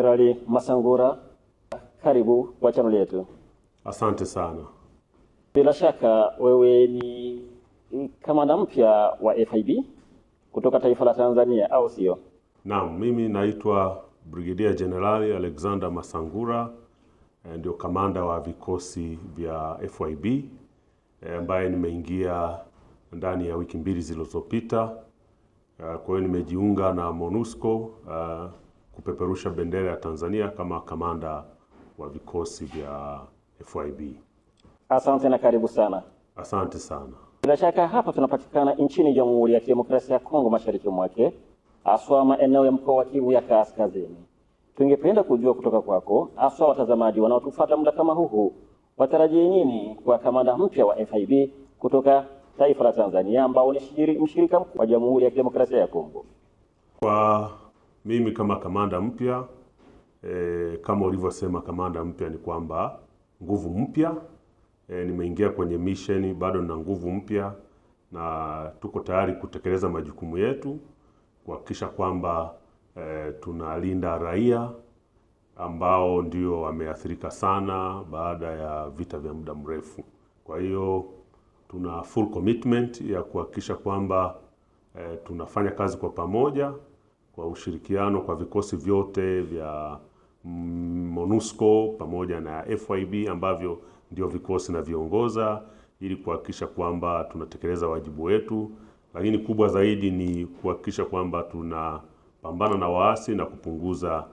Jenerali Masangura, karibu kwa chaneli yetu. Asante sana. Bila shaka wewe ni kamanda mpya wa FIB kutoka taifa la Tanzania, au sio? Naam, mimi naitwa Brigedia Jenerali Alexander Masangura, eh, ndio kamanda wa vikosi vya FIB eh, ambaye nimeingia ndani ya wiki mbili zilizopita. Eh, kwa hiyo nimejiunga na MONUSCO kupeperusha bendera ya Tanzania kama kamanda wa vikosi vya FIB. Asante na karibu sana. Asante sana. Bila shaka hapa tunapatikana nchini Jamhuri ya Kidemokrasia ya Kongo, mashariki mwake, haswa maeneo ya mkoa wa Kivu ya Kaskazini. Tungependa kujua kutoka kwako, haswa watazamaji wanaotufuata muda kama huu, watarajie nini kwa kamanda mpya wa FIB kutoka taifa la Tanzania ambao ni mshirika mkuu wa Jamhuri ya Kidemokrasia ya Kongo? Kwa mimi kama kamanda mpya e, kama ulivyosema kamanda mpya ni kwamba nguvu mpya e, nimeingia kwenye mission bado na nguvu mpya, na tuko tayari kutekeleza majukumu yetu kuhakikisha kwamba e, tunalinda raia ambao ndio wameathirika sana baada ya vita vya muda mrefu. Kwa hiyo tuna full commitment ya kuhakikisha kwamba e, tunafanya kazi kwa pamoja wa ushirikiano kwa vikosi vyote vya MONUSCO pamoja na FIB ambavyo ndio vikosi na viongoza ili kuhakikisha kwamba tunatekeleza wajibu wetu, lakini kubwa zaidi ni kuhakikisha kwamba tunapambana na waasi na kupunguza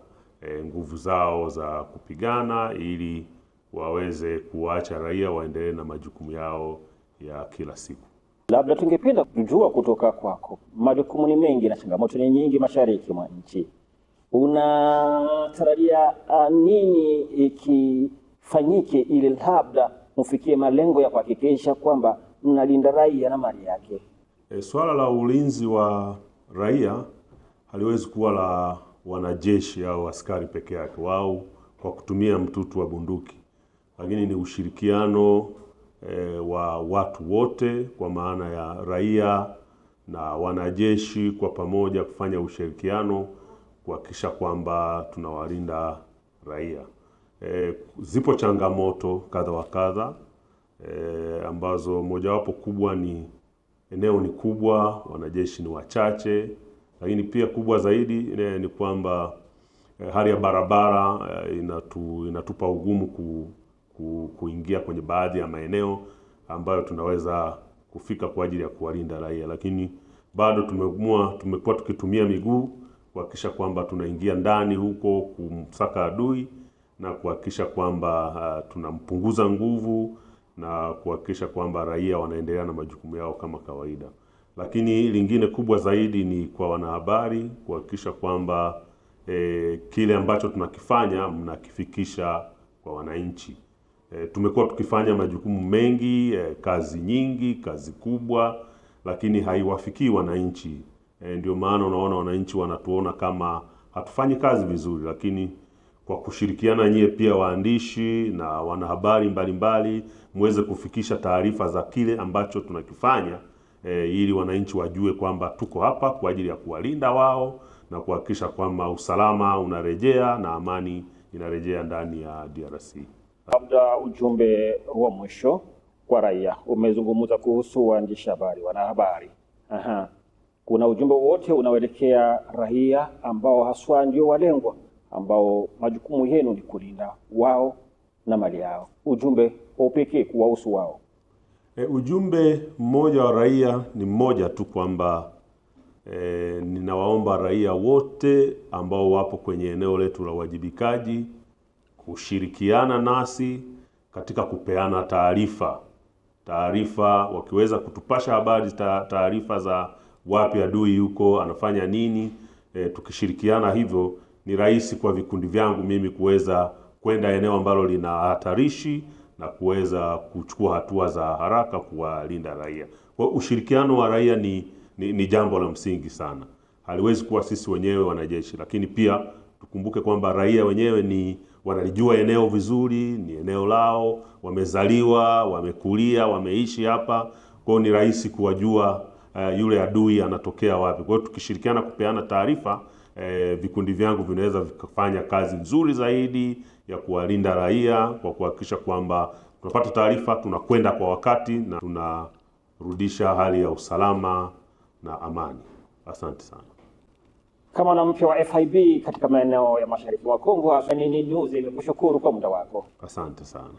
e, nguvu zao za kupigana ili waweze kuwaacha raia waendelee na majukumu yao ya kila siku. Labda tungependa kujua kutoka kwako, majukumu ni mengi na changamoto ni nyingi mashariki mwa nchi, unatarajia ah, nini ikifanyike ili labda mfikie malengo ya kuhakikisha kwamba mnalinda raia na mali yake? E, swala la ulinzi wa raia haliwezi kuwa la wanajeshi au askari peke yake, wao kwa kutumia mtutu wa bunduki, lakini ni ushirikiano e, wa watu wote kwa maana ya raia na wanajeshi kwa pamoja kufanya ushirikiano kuhakikisha kwamba tunawalinda raia. E, zipo changamoto kadha wa kadha e, ambazo mojawapo kubwa ni eneo ni kubwa, wanajeshi ni wachache, lakini pia kubwa zaidi e, ni kwamba e, hali ya barabara e, inatu, inatupa ugumu ku kuingia kwenye baadhi ya maeneo ambayo tunaweza kufika kwa ajili ya kuwalinda raia, lakini bado tumeamua, tumekuwa tukitumia miguu kuhakikisha kwamba tunaingia ndani huko kumsaka adui na kuhakikisha kwamba uh, tunampunguza nguvu na kuhakikisha kwamba raia wanaendelea na majukumu yao kama kawaida. Lakini lingine kubwa zaidi ni kwa wanahabari kuhakikisha kwamba eh, kile ambacho tunakifanya mnakifikisha kwa wananchi. E, tumekuwa tukifanya majukumu mengi e, kazi nyingi, kazi kubwa, lakini haiwafikii wananchi e, ndio maana unaona wananchi wanatuona kama hatufanyi kazi vizuri, lakini kwa kushirikiana nyie pia waandishi na wanahabari mbalimbali muweze kufikisha taarifa za kile ambacho tunakifanya e, ili wananchi wajue kwamba tuko hapa kwa ajili ya kuwalinda wao na kuhakikisha kwamba usalama unarejea na amani inarejea ndani ya DRC. Labda ujumbe wa mwisho kwa raia. Umezungumza kuhusu waandishi habari, wanahabari. Aha, kuna ujumbe wote unaoelekea raia ambao haswa ndio walengwa ambao majukumu yenu ni kulinda wao na mali yao, ujumbe wa upekee kuwahusu wao? E, ujumbe mmoja wa raia ni mmoja tu kwamba e, ninawaomba raia wote ambao wapo kwenye eneo letu la uwajibikaji hushirikiana nasi katika kupeana taarifa taarifa, wakiweza kutupasha habari, taarifa za wapi adui yuko, anafanya nini. E, tukishirikiana hivyo ni rahisi kwa vikundi vyangu mimi kuweza kwenda eneo ambalo lina hatarishi na kuweza kuchukua hatua za haraka kuwalinda raia. Kwa ushirikiano wa raia ni, ni, ni jambo la msingi sana, haliwezi kuwa sisi wenyewe wanajeshi, lakini pia tukumbuke kwamba raia wenyewe ni wanalijua eneo vizuri, ni eneo lao, wamezaliwa, wamekulia, wameishi hapa, kwao ni rahisi kuwajua uh, yule adui anatokea wapi. Kwa hiyo tukishirikiana kupeana taarifa eh, vikundi vyangu vinaweza vikafanya kazi nzuri zaidi ya kuwalinda raia kwa kuhakikisha kwamba tunapata taarifa, tunakwenda kwa wakati na tunarudisha hali ya usalama na amani. Asante sana kama mpya wa FIB katika maeneo ya mashariki mwa Kongo, hasa Nini News imekushukuru kwa muda wako, asante sana.